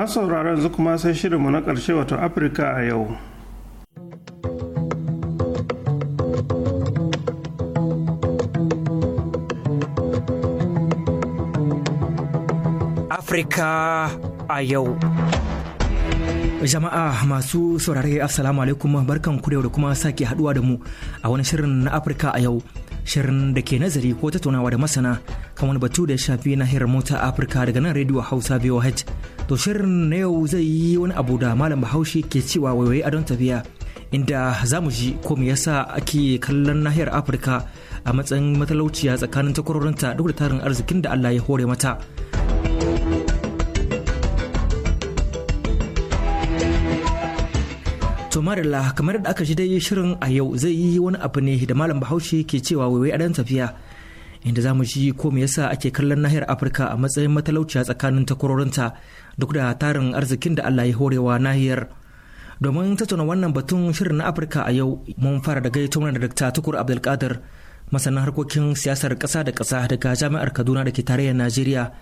masu sauraron yanzu kuma sai shirinmu na ƙarshe wato afirka a yau afirka a yau Jama'a masu saurare Assalamu alaikum barkan ku da kuma sake haduwa da mu a wani shirin na Afirka a yau. Shirin da ke nazari ko tattaunawa da masana kan wani batu da shafi na hirar mota Afirka daga nan rediyo Hausa VOH To shirin na yau zai yi wani abu da Malam Bahaushe ke cewa waiwaye a don tafiya inda za mu ji ko me yasa ake kallon nahiyar Afirka a matsayin matalauciya tsakanin takwarorinta duk da tarin arzikin da Allah ya hore mata. To Marilla kamar da aka shi dai shirin a yau zai yi wani abu ne da Malam Bahaushe ke cewa waiwai a dan tafiya. inda za mu ji ko me yasa ake kallon nahiyar afirka a matsayin matalauciya tsakanin takwarorinta duk da tarin arzikin da allah ya horewa nahiyar domin tattauna wannan batun shirin na afirka a yau mun fara da gaito da dr tukur abdulkadir masanin harkokin siyasar kasa da kasa daga jami'ar kaduna da ke tarayyar najeriya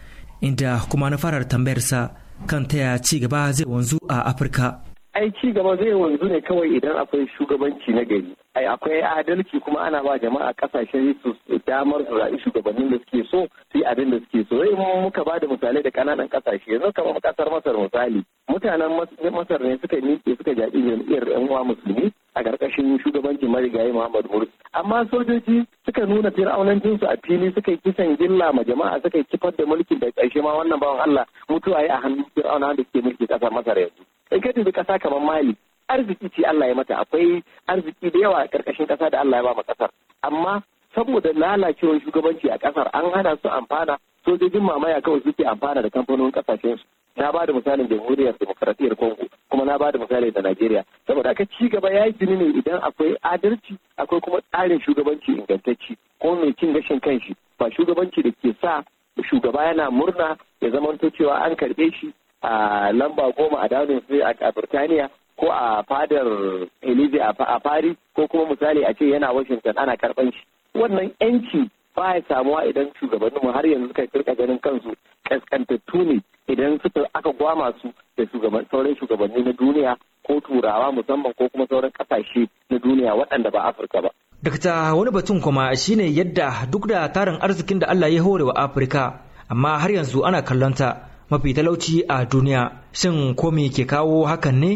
inda kuma na fara tambayar sa kan taya ci gaba zai wanzu a afirka ai ci gaba zai wanzu ne kawai idan akwai shugabanci na gari ai akwai adalci kuma ana ba jama'a kasashen su damar su zaɓi shugabannin da suke so su yi abin da suke so sai muka ba da misalai da kananan kasashe yanzu kamar kasar masar misali mutanen masar ne suka miƙe suka jaɓi jam'iyyar yan uwa musulmi a ƙarƙashin shugabancin marigayi Muhammad Mursi. Amma sojoji suka nuna fir'aunancin su a fili suka yi kisan gilla ma jama'a suka yi kifar da mulkin da ƙarshe ma wannan bawan Allah mutuwa yi a hannun fir'auna da suke mulki ƙasar Masar yanzu. In ka tafi ƙasa kamar Mali arziki ce Allah ya mata akwai arziki da yawa a ƙarƙashin ƙasa da Allah ya ba ma ƙasar. Amma saboda lalacewar shugabanci a ƙasar an hana su amfana sojojin mamaya kawai suke amfana da kamfanonin ƙasashen su. na ba da misalin jamhuriyar demokaratiyar congo kuma na ba da misalin da najeriya saboda aka ci gaba ya yi jini ne idan akwai adalci akwai kuma tsarin shugabanci ingantacci ko mai cin gashin kanshi ba shugabanci da ke sa shugaba yana murna ya zamanto cewa an karɓe shi a lamba goma a downing street a birtaniya ko a fadar elizabeth a paris ko kuma misali a ce yana washington ana karɓan shi wannan yanci ba ya samuwa idan shugabannin mu har yanzu suka kirka ganin kansu kaskantattu ne idan suka aka gwama su da shugaban sauran shugabanni na duniya ko turawa musamman ko kuma sauran kasashe na duniya waɗanda ba afirka ba Dakta wani batun kuma shine yadda duk da tarin arzikin da Allah ya hore wa Afirka amma har yanzu ana kallonta mafi talauci a duniya shin ko ke kawo hakan ne?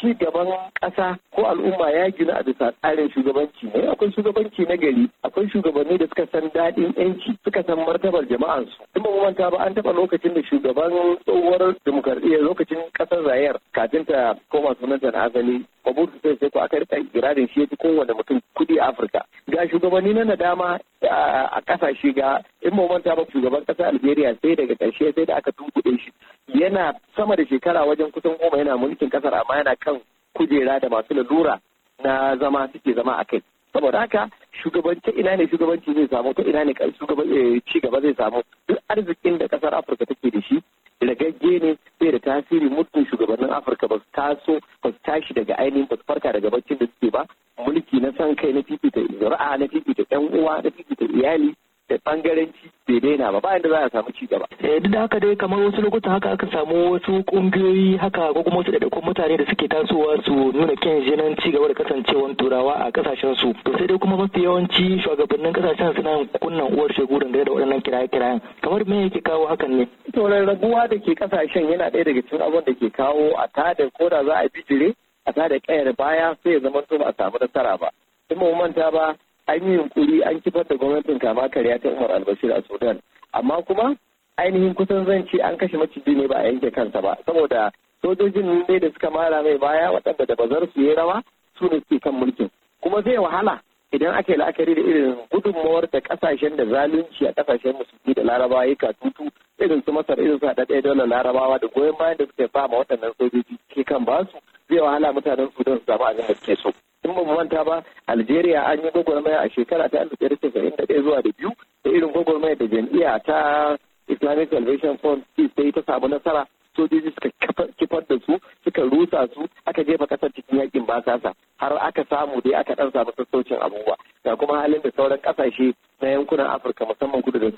ci gaban ƙasa ko al'umma ya gina a bisa tsarin shugabanci ne akwai shugabanci na gari akwai shugabanni da suka san daɗin yanci suka san martabar jama'ansu in ba manta ba an taɓa lokacin da shugaban tsohuwar demokaradiyya lokacin ƙasar zayar kafin ta koma sunanta na asali Mobutu sai sai ko aka rika girarin shi ya fi kowane mutum kuɗi Afirka ga shugabanni na nadama a ƙasashe ga in ba manta ba shugaban ƙasar Algeria sai daga ƙarshe sai da aka tunkuɗe shi yana sama da shekara wajen kusan goma yana mulkin kasar amma yana kan kujera da masu lalura na zama suke zama a kai saboda haka shugabanci ina ne shugabanci zai samu ta ina ne eh, ci gaba zai samu duk arzikin da kasar afirka take da shi ragagge ne sai da tasiri mutum shugabannin afirka ba su taso ba su tashi daga ainihin ba su farka daga baccin da suke ba mulki na san kai na fifita zuri'a na fifita yan uwa na fifita iyali da bangaranci bai daina ba bayan da za a samu ci gaba. Eh, duk da haka dai kamar wasu lokutan haka aka samu wasu kungiyoyi haka ko kuma wasu ɗaiɗaikun mutane da suke tasowa su nuna kyan jinan ci gaba da kasancewan turawa a kasashen su to sai dai kuma mafi yawanci shugabannin kasashen suna kunnan uwar shegu dangane da waɗannan kiraye-kirayen kamar me yake kawo hakan ne. to raguwa da ke kasashen yana ɗaya daga cikin abin da ke kawo a tada ko da za a bijire a tada kayar baya sai ya zama ba a samu nasara ba. in mu manta ba an yi yunkuri an kifar da gwamnatin kama karya ta umar albashir a sudan amma kuma ainihin kusan zan ce an kashe maciji ne ba a yanke kansa ba saboda sojojin ne da suka mara mai baya waɗanda da bazar su yi rawa su ne suke kan mulkin kuma zai wahala idan aka yi la'akari da irin gudunmawar da kasashen da zalunci a kasashen musulmi da larabawa ya katutu irin su masar irin su haɗaɗɗaya dole larabawa da goyon bayan da suke fama waɗannan sojoji ke kan ba su zai wahala mutanen sudan su zama abin da suke so in ba manta ba algeria an yi gwagwarmaya a shekara ta alif ɗari casa'in da ɗaya zuwa da biyu da irin gwagwarmaya da jam'iyya ta islamic salvation front ta yi ta samu nasara sojoji suka kifar da su suka rusa su aka jefa kasar cikin yakin basasa har aka samu dai aka dan samu sassaucin abubuwa ga kuma halin da sauran kasashe na yankunan afirka musamman kudu da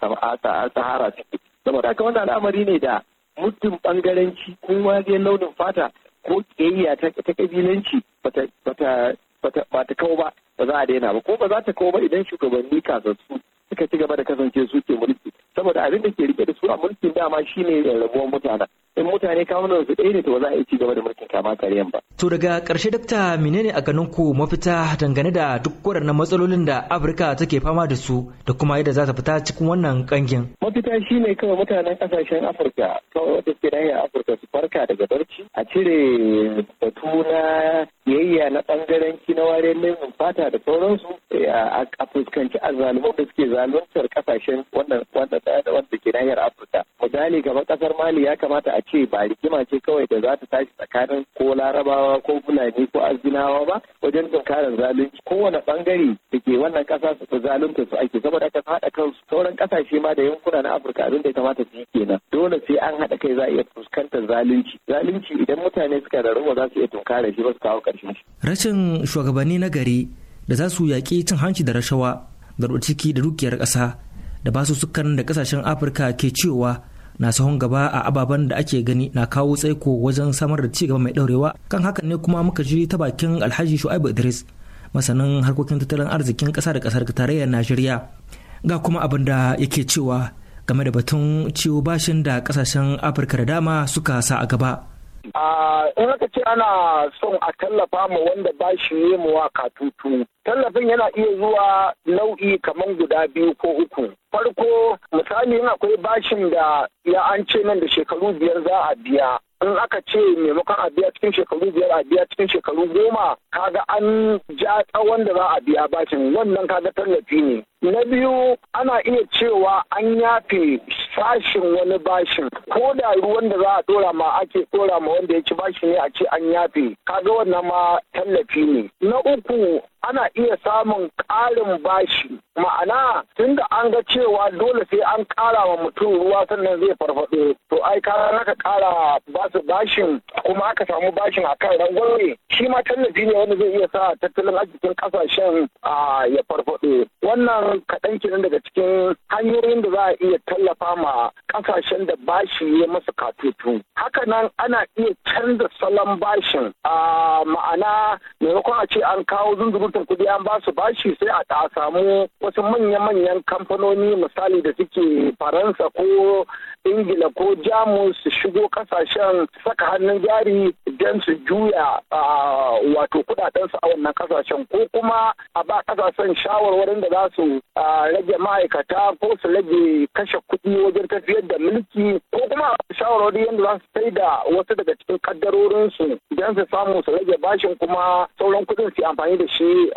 sahara suke saboda haka wannan al'amari ne da muddin bangaranci kuma zai launin fata ko kiyayya ta kabilanci ba ta kawo ba ba za a daina ba ko ba za ta kawo ba idan shugabanni kasassu suka ci gaba da kasance su ke mulki saboda abin da ke rike da su a mulkin dama shine rabuwar mutanen in mutane kawunan su ɗaya ne to ba za a yi ci gaba da mulkin kama karyan ba. To daga ƙarshe dakta ne a ganin ku mafita dangane da duk waɗannan matsalolin da Afirka take fama da su da kuma yadda za ta fita cikin wannan kangin. Mafita shine kawai mutanen ƙasashen Afirka kawai wata ke Afirka su farka daga barci a cire batu na yayya na ɓangaranci na ware launin fata da sauransu eh, a fuskanci azalumai da suke zaluntar ƙasashen wannan wanda ke nahiyar Afirka. Misali kamar ƙasar Mali ya kamata a ce ba rigima ce kawai da za ta tashi tsakanin ko larabawa ko fulani ko azginawa ba wajen tunkarar zalunci kowane bangare da ke wannan kasa su zalunta su ake saboda aka su haɗa kansu sauran kasashe ma da yankuna na afirka abin da ya kamata su yi kenan dole sai an haɗa kai za a iya fuskantar zalunci zalunci idan mutane suka ba za su iya tunkarar shi ba su kawo ƙarshen shi. rashin shugabanni na gari da za su yaƙi cin hanci da rashawa garba ciki da dukiyar ƙasa da basussukan da kasashen afirka ke cewa na sahun gaba a ababen da ake gani na kawo tsaiko wajen samar da cigaba mai ɗaurewa kan hakan ne kuma muka ji ta bakin alhaji shu'aibu idris masanin harkokin tattalin arzikin ƙasa da ƙasar tarayyar najeriya ga kuma abin da yake cewa game da batun ciwo bashin da kasashen afirka da dama suka sa a gaba in aka ce ana son a tallafa ma wanda ba shi wa katutu. Tallafin yana iya zuwa nau'i kamar guda biyu ko uku. Farko misali in akwai bashin da ya an ce nan da shekaru biyar za a biya. in aka ce maimakon a biya cikin shekaru biyar a biya cikin shekaru goma kaga an ja tsawon da za a biya bashin wannan kaga tallafi ne na biyu ana iya cewa an yafe sashin wani bashin ko da ruwan da za a dora ma ake dora ma wanda ya ci bashin ne a ce an yafe kaga wannan ma tallafi ne na uku ana iya samun ƙarin bashi ma'ana tunda an ga cewa dole sai an ƙara wa mutum ruwa sannan zai farfaɗo to ai ka naka ƙara basu bashin kuma aka samu bashin a kan rangwame shi ma tallafi ne wanda zai iya sa tattalin arzikin ƙasashen ah, ya farfaɗo wannan wannan kaɗan kenan daga cikin hanyoyin da za a iya tallafa ma ƙasashen da bashi ya masa katutu. Haka nan ana iya canza salon bashin a ma'ana maimakon a ce an kawo zunzurutun kuɗi an ba su bashi sai a samu wasu manya-manyan kamfanoni misali da suke Faransa ko ingila ko jamus su shigo kasashen saka hannun jari don su juya wato kudadensu a wannan kasashen ko kuma a ba kasashen shawarwarin da za su rage ma'aikata ko su rage kashe kuɗi wajen tafiyar da mulki ko kuma shawarwari yadda za su sai da wasu daga cikin kaddarorinsu don su samu su rage bashin kuma sauran kuɗin su amfani da shi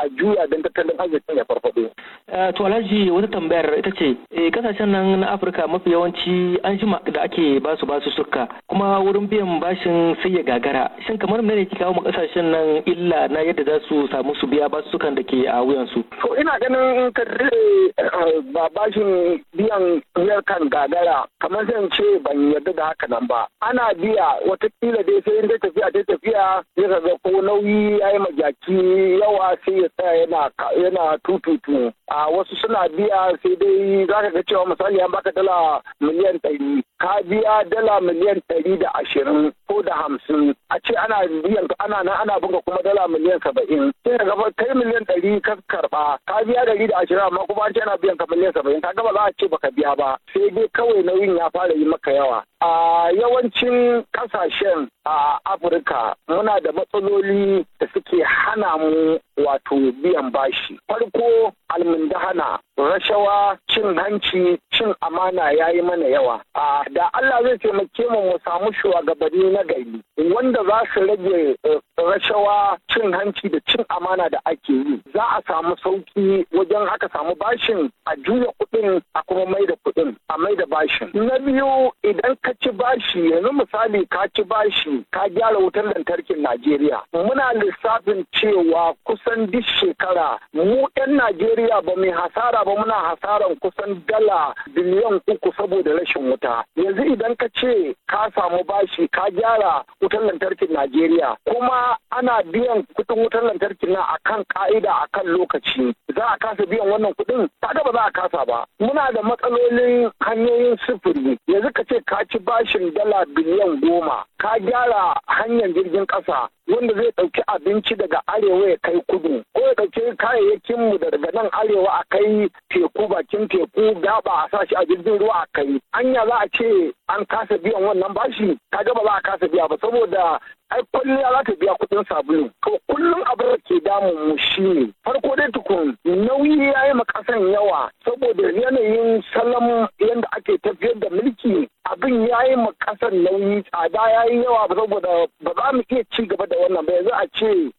a juya don tattalin arzikin ya farfaɗo. Eh, to alhaji wata tambayar ita ce eh, kasashen nan na afirka mafi yawa. yawanci an jima da ake basu su suka kuma wurin biyan bashin sai ya gagara shin kamar mene ne ke kawo kasashen nan illa na yadda za su samu su biya su sukan da ke a wuyansu. to ina ganin ka eh, ba bashin biyan biyar kan gagara kamar zan ce ban yarda da haka nan ba ana biya watakila dai sai in tafiya ta tafiya ya ga ko nauyi ya yi majaki yawa sai ya tsaya yana yana tututu a wasu suna biya sai dai za ka ga cewa misali an baka dala miliyan ɗari ka biya dala miliyan ɗari da ashirin ko da hamsin a ce ana biyan ana nan ana buga kuma dala miliyan saba'in sai ka gaba kai miliyan ɗari ka karɓa ka biya ɗari da ashirin amma kuma an ce ana biyan ka miliyan saba'in ka gaba za a ce baka biya ba sai dai kawai nauyin ya fara yi maka yawa a yawancin kasashen a afirka muna da matsaloli da suke hana mu wato biyan bashi farko almundahana rashawa cin hanci cin amana ya yi mana mana yawa a da Allah zai taimake mu mu samu shugabanni na gari wanda za su rage eh, rashawa cin hanci da cin amana da ake yi za a samu sauki wajen aka samu bashin a juya kuɗin a kuma mai da kuɗin a mai da bashin na biyu idan ka ci bashi yanzu misali ka ci bashi ka gyara wutar lantarkin Najeriya muna lissafin cewa kusan duk shekara mu 'yan Najeriya ba mai hasara ba muna hasaran kusan dala biliyan uku saboda saboda rashin wuta yanzu idan ka ce ka samu bashi ka gyara wutar lantarkin Najeriya kuma ana biyan kuɗin wutar lantarkin nan akan ka'ida kan lokaci za a kasa biyan wannan kuɗin kaga ba za a kasa ba muna da matsalolin hanyoyin sufuri yanzu ka ce ka ci bashin dala biliyan goma ka gyara hanyar jirgin ƙasa wanda zai ɗauki abinci daga arewa ya kai kudu ko ya ɗauki kayayyakin mu daga nan arewa a kai teku bakin teku gaba a sashi a jirgin ruwa a kai anya za a ce an kasa biyan wannan bashi kaga ba za a kasa biya ba saboda ai kwalliya za ta biya kuɗin sabulu to kullum abin da ke damun mu shine farko dai tukun nauyi ya yi makasan yawa saboda yanayin salon yadda ake tafiyar da mulki abin ya yi makasan nauyi tsada ya yi yawa saboda ba za mu iya ci gaba da wannan ba yanzu a ce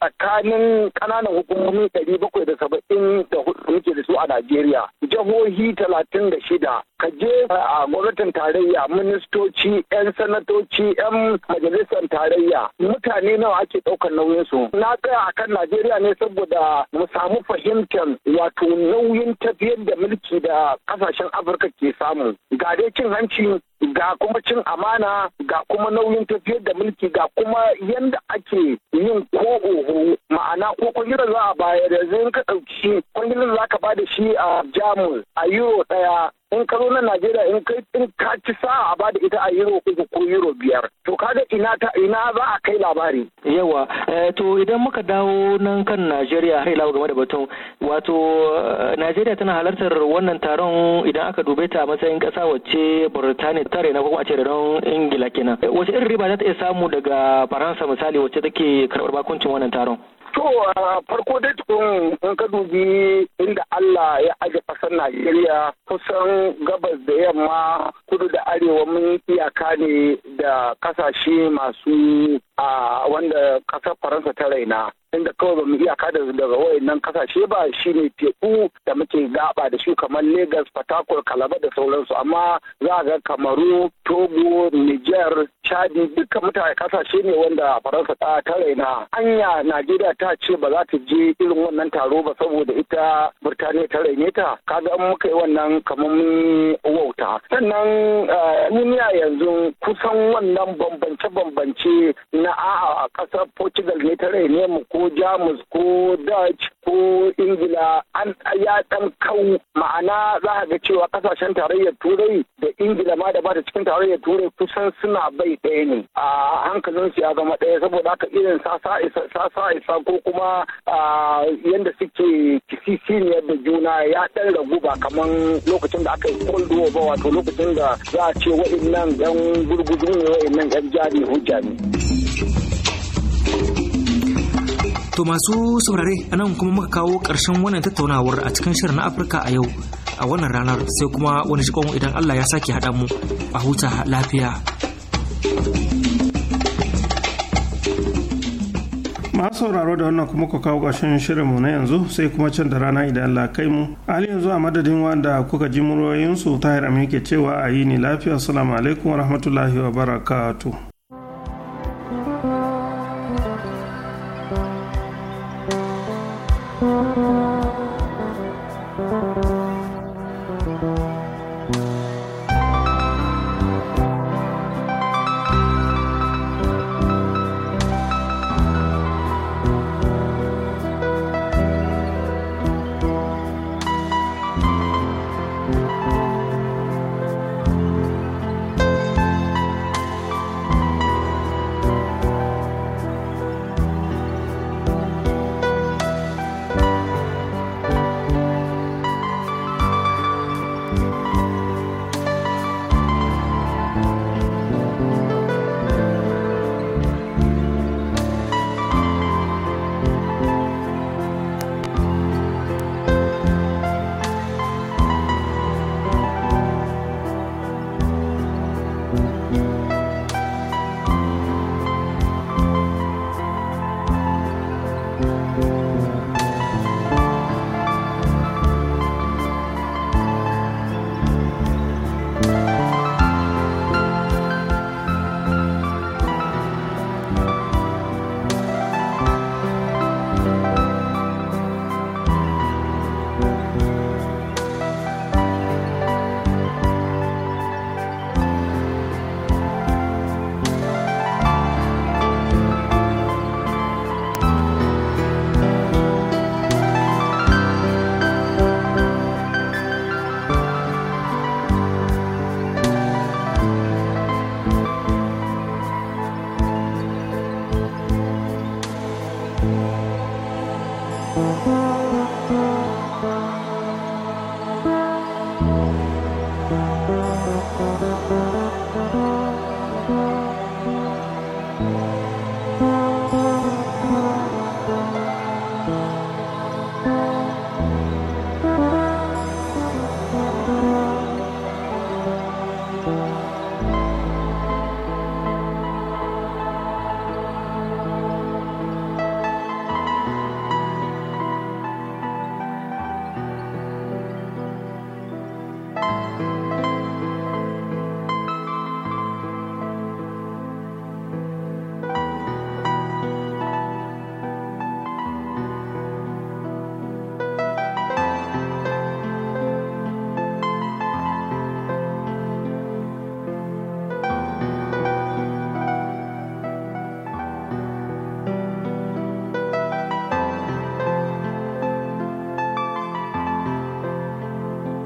tsakanin ƙananan hukumomi ɗari bakwai da saba'in da hudu yake da su a Najeriya. Jihohi talatin da shida ka je a gwamnatin tarayya ministoci 'yan sanatoci 'yan majalisar tarayya mutane nawa ake ɗaukar nauyinsu. Na tsaya a kan Najeriya ne saboda mu samu fahimtar wato nauyin tafiyar da mulki da kasashen Afirka ke samu. Ga dai cin hanci ga kuma cin amana ga kuma nauyin tafiyar da mulki ga kuma yadda ake yin ko ma'ana ko kwangila za a bayar yanzu in ka ɗauki kwangila za ka ba da shi a jamus a euro ɗaya in ka na Najeriya in kai in ka ci sa'a a bada ita a euro uku ko euro biyar to kaga ina ta ina za a kai labari yawa eh, to idan muka dawo nan kan Najeriya har ila game da batun wato eh, Najeriya tana halartar wannan taron idan aka dube ta a matsayin kasa wacce Burtaniya ta raina ko kuma a ce renon Ingila kenan eh, wace irin riba za ta iya samu daga Faransa misali wacce take karɓar bakuncin wannan taron To farko dai tukun in ka dubi inda Allah ya aje ƙasar Najeriya kusan gabas da yamma kudu da arewa mun iyaka ne da ƙasashe masu a wanda kasar faransa ta raina inda kawai ba mu iyaka da daga wayannan kasashe ba shine teku da muke gaba da su kamar Legas, Fatakwal, Kalaba da sauransu amma za ga Kamaru, Togo, Niger, Chadi duka mutane kasashe ne wanda Faransa ta raina. Anya Najeriya ta ce ba za ta je irin wannan taro ba saboda ita Birtaniya ta raine ta. Kaga an muka yi wannan kamar mun wauta. Sannan duniya eh, yanzu kusan wannan bambance-bambance na na a'a a ƙasar Portugal ne ta rai mu ko Jamus ko Dutch ko Ingila an ya dan kau ma'ana za ga cewa kasashen tarayyar Turai da Ingila ma da bata cikin tarayyar Turai kusan suna bai ɗaya ne a hankalin su ya zama ɗaya saboda haka irin sasa isa ko kuma yadda suke kisisiniyar da juna ya ɗan ragu ba kamar lokacin da aka yi Cold War ba wato lokacin da za a ce wa'in nan 'yan gurguzu ne wa'in nan 'yan jari hujja ne. To masu saurare anan kuma muka kawo ƙarshen wannan tattaunawar a cikin shirin na Afirka a yau a wannan ranar sai kuma wani jikon idan Allah ya sake haɗa mu a huta lafiya. masu sauraro da wannan kuma ku kawo ƙarshen mu na yanzu sai kuma can da rana idan Allah kai mu hali yanzu a madadin wanda kuka ji muryoyinsu tahir amin ke cewa a yi ni lafiya assalamu alaikum wa rahmatullahi wa barakatuh